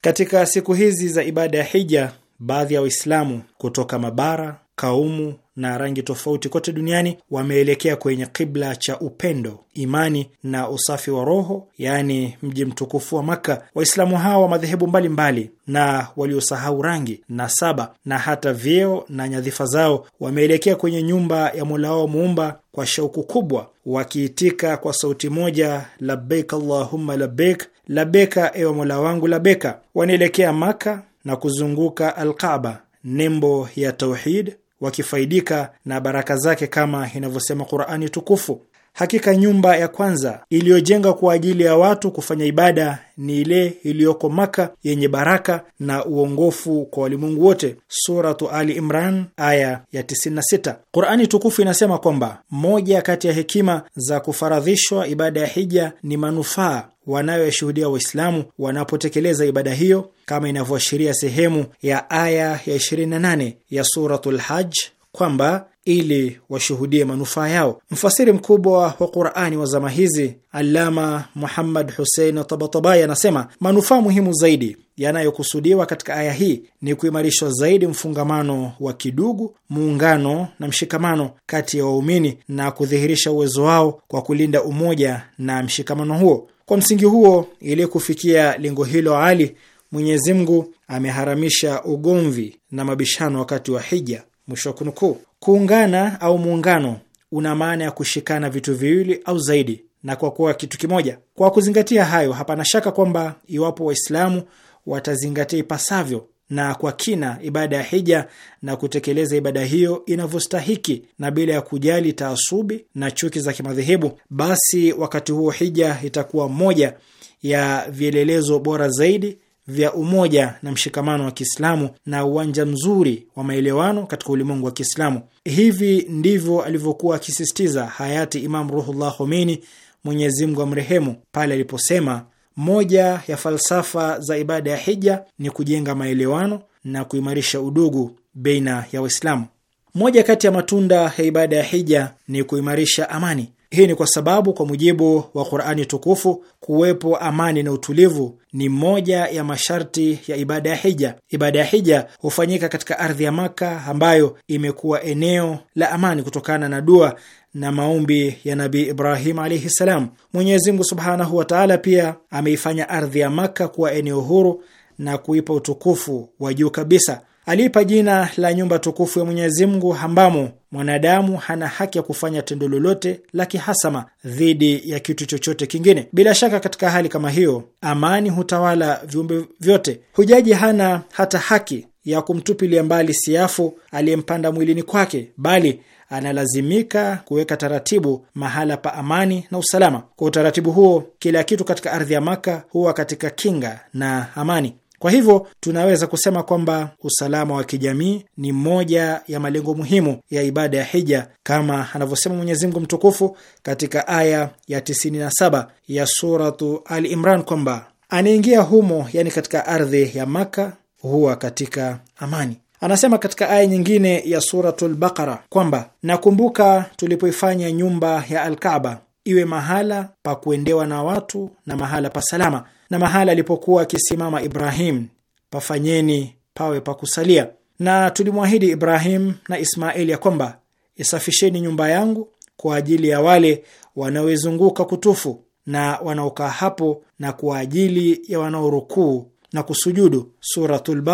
Katika siku hizi za ibada ya hija, baadhi ya Waislamu kutoka mabara kaumu na rangi tofauti kote duniani wameelekea kwenye kibla cha upendo, imani na usafi wa roho, yaani mji mtukufu wa Makka. Waislamu hawa wa madhehebu mbalimbali na waliosahau rangi, na saba na hata vyeo na nyadhifa zao wameelekea kwenye nyumba ya Mola wao Muumba kwa shauku kubwa, wakiitika kwa sauti moja, labeka allahumma labek, labeka ewe Mola wangu labeka. Wanaelekea makka na kuzunguka Alkaba, nembo ya tauhid wakifaidika na baraka zake kama inavyosema Qurani tukufu. Hakika nyumba ya kwanza iliyojenga kwa ajili ya watu kufanya ibada ni ile iliyoko Maka yenye baraka na uongofu kwa walimwengu wote. Suratu Ali Imran aya ya 96. Qurani tukufu inasema kwamba moja kati ya hekima za kufaradhishwa ibada ya hija ni manufaa wanayoyashuhudia Waislamu wanapotekeleza ibada hiyo kama inavyoashiria sehemu ya aya ya 28 ya Suratul Hajj kwamba ili washuhudie manufaa yao. Mfasiri mkubwa wa Qurani wa zama hizi alama Muhammad Husein Tabatabai anasema manufaa muhimu zaidi yanayokusudiwa katika aya hii ni kuimarishwa zaidi mfungamano wa kidugu, muungano na mshikamano kati ya waumini na kudhihirisha uwezo wao kwa kulinda umoja na mshikamano huo. Kwa msingi huo, ili kufikia lengo hilo ali, Mwenyezi Mungu ameharamisha ugomvi na mabishano wakati wa hija. Mwisho wa kunukuu. Kuungana au muungano una maana ya kushikana vitu viwili au zaidi na kwa kuwa kitu kimoja. Kwa kuzingatia hayo, hapana shaka kwamba iwapo Waislamu watazingatia ipasavyo na kwa kina ibada ya hija na kutekeleza ibada hiyo inavyostahiki na bila ya kujali taasubi na chuki za kimadhehebu, basi wakati huo hija itakuwa moja ya vielelezo bora zaidi vya umoja na mshikamano wa Kiislamu na uwanja mzuri wa maelewano katika ulimwengu wa Kiislamu. Hivi ndivyo alivyokuwa akisisitiza hayati Imam Ruhullah Khomeini, Mwenyezi Mungu amrehemu, pale aliposema moja ya falsafa za ibada ya hija ni kujenga maelewano na kuimarisha udugu baina ya Waislamu. Moja kati ya matunda ya ibada ya hija ni kuimarisha amani. Hii ni kwa sababu kwa mujibu wa Qur'ani tukufu, kuwepo amani na utulivu ni moja ya masharti ya ibada ya hija. Ibada ya hija hufanyika katika ardhi ya Maka ambayo imekuwa eneo la amani kutokana na dua na maombi ya Nabii Ibrahim alaihi ssalam Mwenyezi Mungu subhanahu wa taala pia ameifanya ardhi ya Maka kuwa eneo huru na kuipa utukufu wa juu kabisa aliipa jina la nyumba tukufu ya Mwenyezi Mungu ambamo mwanadamu hana haki ya kufanya tendo lolote la kihasama dhidi ya kitu chochote kingine. Bila shaka, katika hali kama hiyo, amani hutawala viumbe vyote. Hujaji hana hata haki ya kumtupilia mbali siafu aliyempanda mwilini kwake, bali analazimika kuweka taratibu mahala pa amani na usalama. Kwa utaratibu huo, kila kitu katika ardhi ya Maka huwa katika kinga na amani. Kwa hivyo tunaweza kusema kwamba usalama wa kijamii ni moja ya malengo muhimu ya ibada ya hija kama anavyosema Mwenyezi Mungu mtukufu katika aya ya 97 ya suratu Al Imran kwamba anaingia humo, yani katika ardhi ya Maka, huwa katika amani. Anasema katika aya nyingine ya suratu Lbaqara kwamba nakumbuka tulipoifanya nyumba ya Alkaba iwe mahala pa kuendewa na watu na mahala pa salama na mahala alipokuwa akisimama Ibrahim pafanyeni pawe pa kusalia. Na tulimwahidi Ibrahim na Ismaeli ya kwamba isafisheni nyumba yangu kwa ajili ya wale wanaoizunguka kutufu na wanaokaa hapo na kwa ajili ya wanaorukuu na kusujudu. Suratul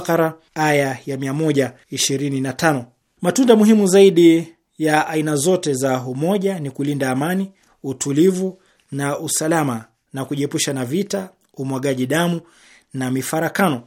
aya ya 125. Matunda muhimu zaidi ya aina zote za umoja ni kulinda amani, utulivu na usalama na kujiepusha na vita, umwagaji damu na mifarakano,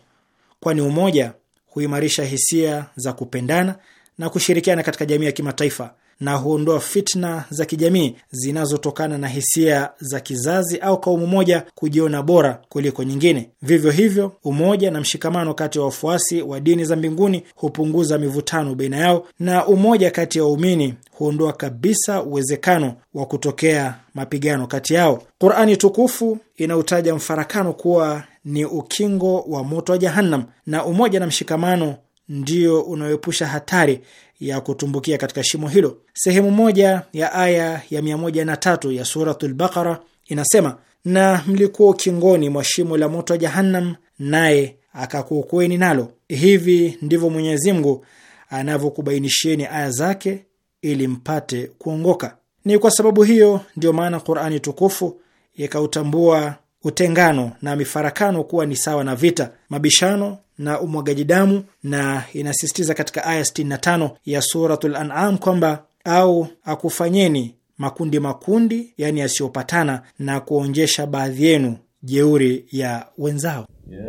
kwani umoja huimarisha hisia za kupendana na kushirikiana katika jamii ya kimataifa na huondoa fitna za kijamii zinazotokana na hisia za kizazi au kaumu moja kujiona bora kuliko nyingine. Vivyo hivyo, umoja na mshikamano kati ya wafuasi wa dini za mbinguni hupunguza mivutano baina yao, na umoja kati ya waumini huondoa kabisa uwezekano wa kutokea mapigano kati yao. Qurani tukufu inautaja mfarakano kuwa ni ukingo wa moto wa Jahannam, na umoja na mshikamano ndio unaoepusha hatari ya kutumbukia katika shimo hilo. Sehemu moja ya aya ya 103 ya Suratul Baqara inasema, na mlikuwa ukingoni mwa shimo la moto wa Jahannam, naye akakuokoeni nalo. Hivi ndivyo Mwenyezi Mungu anavyokubainisheni aya zake ili mpate kuongoka. Ni kwa sababu hiyo ndiyo maana Qur'ani tukufu ikautambua utengano na mifarakano kuwa ni sawa na vita, mabishano na umwagaji damu, na inasisitiza katika aya 65 ya Suratul An'am kwamba au akufanyeni makundi makundi, yani yasiyopatana, na kuonjesha baadhi yenu jeuri ya wenzao ya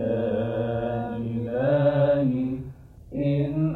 ilahi, in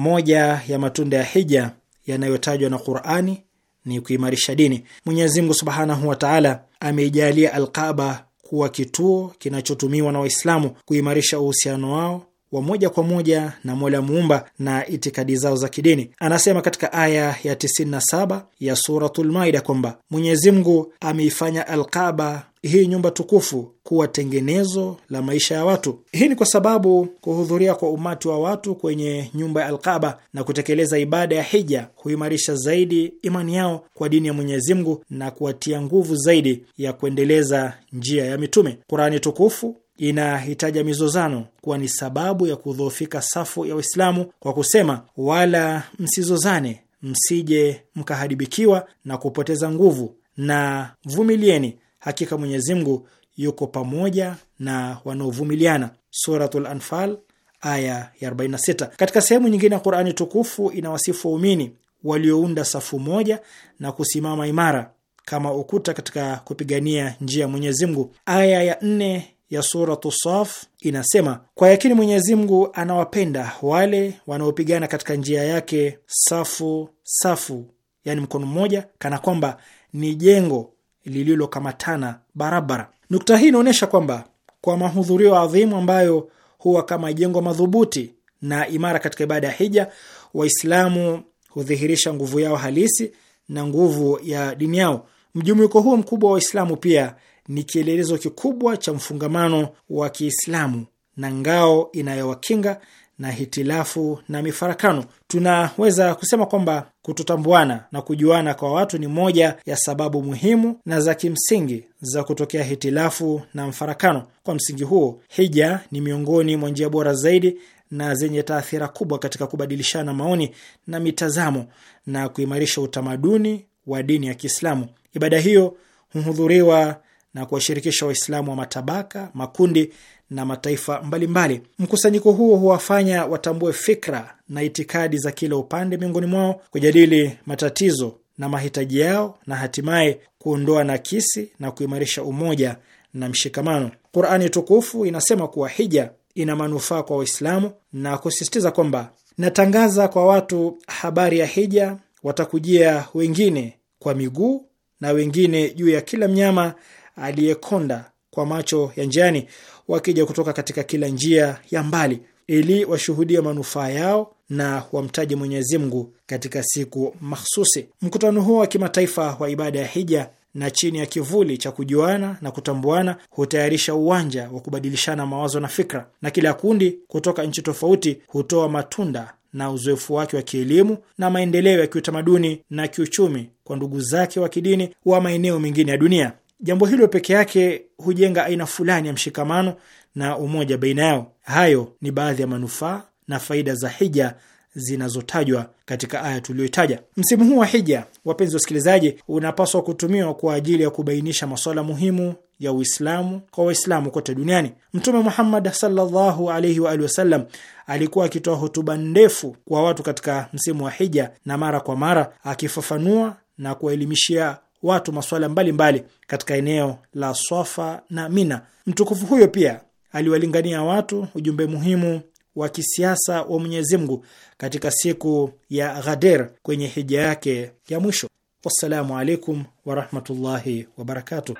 moja ya matunda ya hija yanayotajwa na Qurani ni kuimarisha dini. Mwenyezi Mungu subhanahu wa taala ameijalia Alqaba kuwa kituo kinachotumiwa na Waislamu kuimarisha uhusiano wao wa moja kwa moja na Mola muumba na itikadi zao za kidini. Anasema katika aya ya 97 ya Suratul Maida kwamba Mwenyezi Mungu ameifanya Alkaba, hii nyumba tukufu, kuwa tengenezo la maisha ya watu. Hii ni kwa sababu kuhudhuria kwa umati wa watu kwenye nyumba ya Alkaba na kutekeleza ibada ya hija huimarisha zaidi imani yao kwa dini ya Mwenyezi Mungu na kuwatia nguvu zaidi ya kuendeleza njia ya mitume. Kurani tukufu inahitaja mizozano kuwa ni sababu ya kudhoofika safu ya Waislamu kwa kusema, wala msizozane, msije mkaharibikiwa na kupoteza nguvu, na vumilieni, hakika Mwenyezi Mungu yuko pamoja na wanaovumiliana. Suratul Anfal aya ya 46. Katika sehemu nyingine ya Qur'ani tukufu inawasifu waumini waliounda safu moja na kusimama imara kama ukuta katika kupigania njia ya Mwenyezi Mungu. Aya ya nne ya Suratu Saf inasema, kwa yakini Mwenyezi Mungu anawapenda wale wanaopigana katika njia yake safu safu, yani mkono mmoja, kana kwamba ni jengo lililokamatana barabara. Nukta hii inaonyesha kwamba kwa mahudhurio adhimu ambayo huwa kama jengo madhubuti na imara katika ibada ya hija, Waislamu hudhihirisha nguvu yao halisi na nguvu ya dini yao. Mjumuiko huo mkubwa wa Waislamu pia ni kielelezo kikubwa cha mfungamano wa Kiislamu na ngao inayowakinga na hitilafu na mifarakano. Tunaweza kusema kwamba kutotambuana na kujuana kwa watu ni moja ya sababu muhimu na za kimsingi za kutokea hitilafu na mfarakano. Kwa msingi huo, hija ni miongoni mwa njia bora zaidi na zenye taathira kubwa katika kubadilishana maoni na mitazamo na kuimarisha utamaduni wa dini ya Kiislamu. Ibada hiyo huhudhuriwa na kuwashirikisha Waislamu wa matabaka, makundi na mataifa mbalimbali. Mkusanyiko huo huwafanya watambue fikra na itikadi za kila upande miongoni mwao, kujadili matatizo na mahitaji yao, na hatimaye kuondoa nakisi na kuimarisha umoja na mshikamano. Qurani tukufu inasema kuwa hija ina manufaa kwa Waislamu na kusisitiza kwamba natangaza kwa watu habari ya hija, watakujia wengine kwa miguu na wengine juu ya kila mnyama aliyekonda kwa macho ya njiani, wakija kutoka katika kila njia ya mbali ili washuhudia manufaa yao na wamtaji Mwenyezi Mungu katika siku mahsusi. Mkutano huo wa kimataifa wa ibada ya hija na chini ya kivuli cha kujuana na kutambuana hutayarisha uwanja wa kubadilishana mawazo na fikra, na kila kundi kutoka nchi tofauti hutoa matunda na uzoefu wake wa kielimu na maendeleo ya kiutamaduni na kiuchumi kwa ndugu zake wa kidini wa maeneo mengine ya dunia. Jambo hilo peke yake hujenga aina fulani ya mshikamano na umoja baina yao. Hayo ni baadhi ya manufaa na faida za hija zinazotajwa katika aya tuliyoitaja. Msimu huu wa hija, wapenzi wasikilizaji, unapaswa kutumiwa kwa ajili ya kubainisha masuala muhimu ya Uislamu kwa Waislamu kote duniani. Mtume Muhammad sallallahu alaihi wa alihi wasallam alikuwa akitoa hotuba ndefu kwa watu katika msimu wa hija, na mara kwa mara akifafanua na kuwaelimishia watu masuala mbalimbali katika eneo la Swafa na Mina. Mtukufu huyo pia aliwalingania watu ujumbe muhimu wa kisiasa wa Mwenyezi Mungu katika siku ya Ghadir kwenye hija yake ya mwisho. Wassalamu alaikum warahmatullahi wabarakatuh.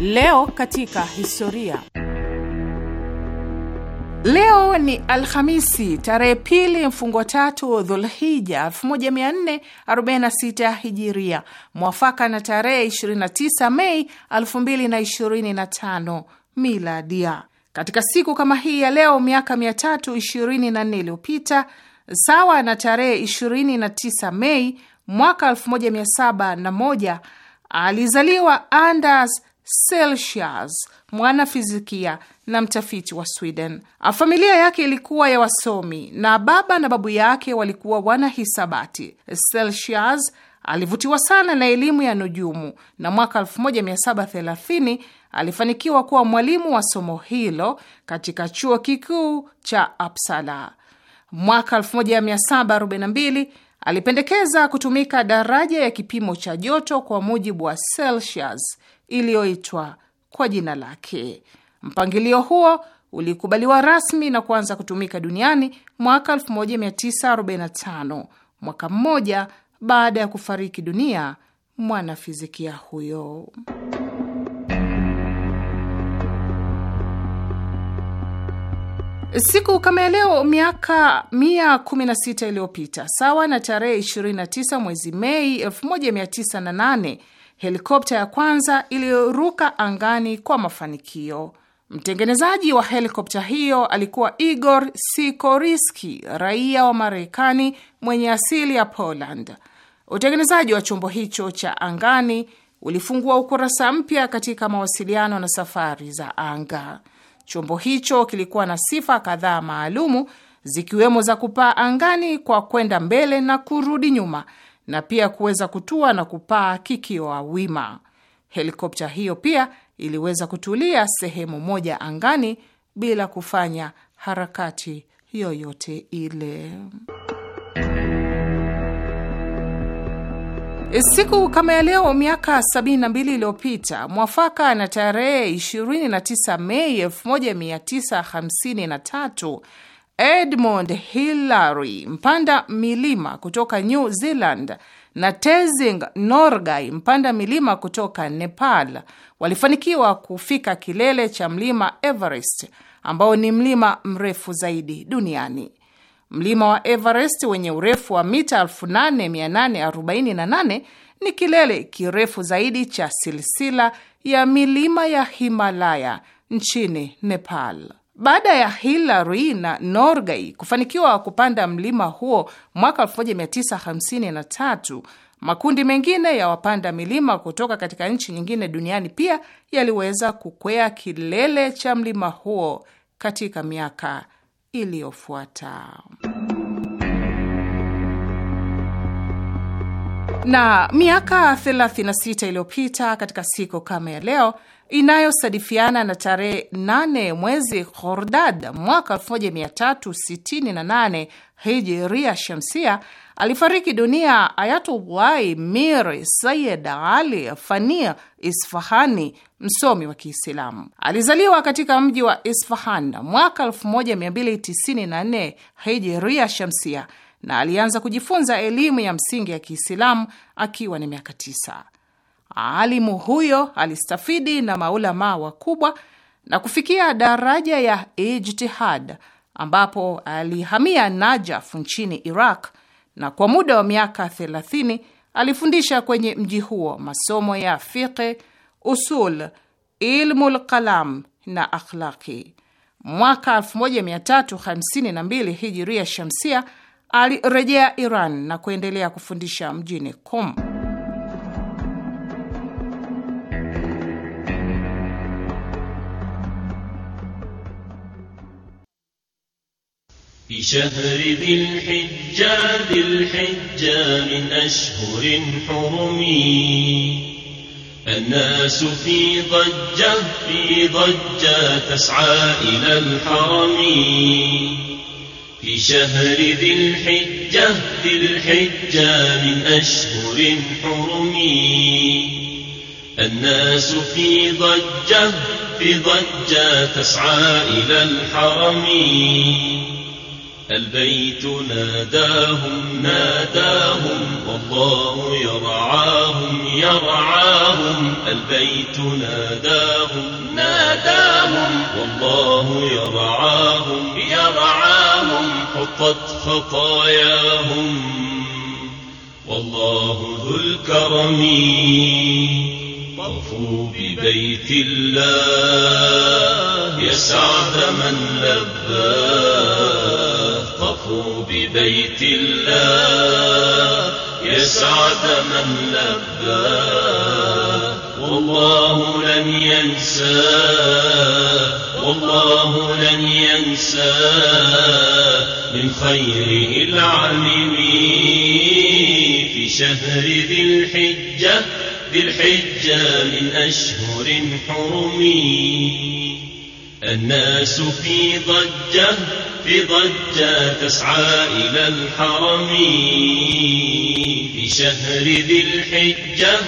Leo katika historia. Leo ni Alhamisi tarehe pili mfungo tatu Dhulhija 1446 Hijiria, mwafaka na tarehe 29 Mei 2025 Miladia. Katika siku kama hii ya leo miaka 324 iliyopita, sawa na tarehe 29 Mei mwaka 1701, alizaliwa Anders Celsius, mwanafizikia na mtafiti wa Sweden. Familia yake ilikuwa ya wasomi na baba na babu yake walikuwa wanahisabati. Celsius alivutiwa sana na elimu ya nujumu na mwaka 1730 alifanikiwa kuwa mwalimu wa somo hilo katika chuo kikuu cha Uppsala. Mwaka 1742 alipendekeza kutumika daraja ya kipimo cha joto kwa mujibu wa Celsius iliyoitwa kwa jina lake. Mpangilio huo ulikubaliwa rasmi na kuanza kutumika duniani mwaka 1945, mwaka mmoja baada ya kufariki dunia mwanafizikia huyo. Siku kama leo miaka 116 iliyopita, sawa na tarehe 29 mwezi Mei 1908 helikopta ya kwanza iliyoruka angani kwa mafanikio. Mtengenezaji wa helikopta hiyo alikuwa Igor Sikoriski, raia wa Marekani mwenye asili ya Poland. Utengenezaji wa chombo hicho cha angani ulifungua ukurasa mpya katika mawasiliano na safari za anga. Chombo hicho kilikuwa na sifa kadhaa maalumu, zikiwemo za kupaa angani kwa kwenda mbele na kurudi nyuma na pia kuweza kutua na kupaa kikiwa wima. Helikopta hiyo pia iliweza kutulia sehemu moja angani bila kufanya harakati yoyote ile. Siku kama ya leo miaka 72 iliyopita mwafaka na tarehe 29 Mei 1953 Edmund Hillary mpanda milima kutoka New Zealand na Tenzing Norgay mpanda milima kutoka Nepal walifanikiwa kufika kilele cha mlima Everest ambao ni mlima mrefu zaidi duniani. Mlima wa Everest wenye urefu wa mita 8848 ni kilele kirefu zaidi cha silsila ya milima ya Himalaya nchini Nepal. Baada ya Hillary na Norgay kufanikiwa kupanda mlima huo mwaka 1953, makundi mengine ya wapanda milima kutoka katika nchi nyingine duniani pia yaliweza kukwea kilele cha mlima huo katika miaka iliyofuata. Na miaka 36 iliyopita katika siku kama ya leo inayosadifiana na tarehe 8 mwezi Khordad mwaka 1368 hijiria shamsia, alifariki dunia Ayatullahi Mir Sayed Ali Fania Isfahani, msomi wa Kiislamu. Alizaliwa katika mji wa Isfahan mwaka 1294 hijiria shamsia na alianza kujifunza elimu ya msingi ya Kiislamu akiwa ni miaka tisa. Alimu huyo alistafidi na maulamaa wakubwa na kufikia daraja ya ijtihad, ambapo alihamia Najaf nchini Iraq na kwa muda wa miaka 30 alifundisha kwenye mji huo masomo ya fiqhi, usul, ilmu kalam na akhlaqi. Mwaka 1352 hijiria shamsia alirejea Iran na kuendelea kufundisha mjini Qom. الناس في ضجة في ضجة تسعى إلى الحرم في شهر ذي الحجة ذي الحجة من أشهر حرم الناس في ضجة في ضجة تسعى إلى الحرم البيت ناداهم ناداهم والله يرعاهم يرعاهم البيت ناداهم ناداهم والله يرعاهم يرعاهم حطت خطاياهم والله ذو الكرم طفوا ببيت الله يسعد من لباه ببيت الله يسعد من لباه والله لن ينساه والله لن ينساه من خيره العميم في شهر ذي الحجة ذي الحجة من أشهر حرم الناس في ضجة في ضجة تسعى إلى الحرم في شهر ذي الحجة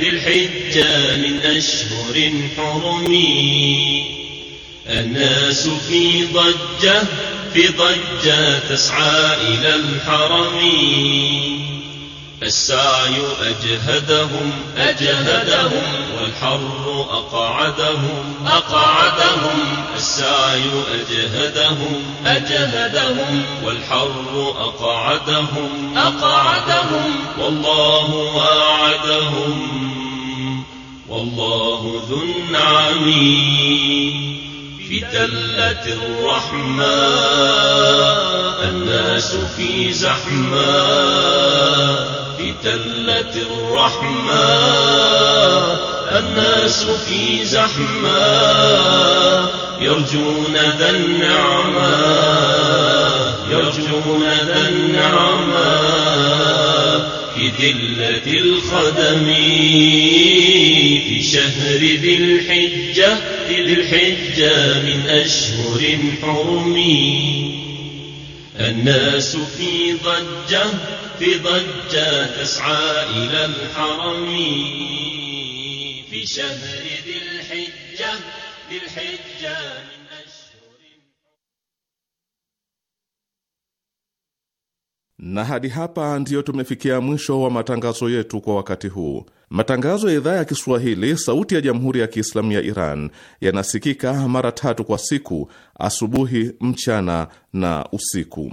ذي الحجة من أشهر حرم الناس في ضجة في ضجة تسعى إلى الحرم السعي أجهدهم أجهدهم والحر أقعدهم أقعدهم السعي أجهدهم أجهدهم والحر أقعدهم أقعدهم والله وعدهم والله ذو النعم في تلة الرحمة الناس في زحمه بتلة الرحمة الناس في زحمة يرجون ذا النعمة يرجون ذا النعمة في ذلة الخدم في شهر ذي الحجة ذي الحجة من أشهر حرم الناس في ضجة في ضجة تسعى إلى الحرم في شهر ذي الحجة ذي الحجة Na hadi hapa ndiyo tumefikia mwisho wa matangazo yetu kwa wakati huu. Matangazo ya idhaa ya Kiswahili sauti ya Jamhuri ya Kiislamu ya Iran yanasikika mara tatu kwa siku: asubuhi, mchana na usiku.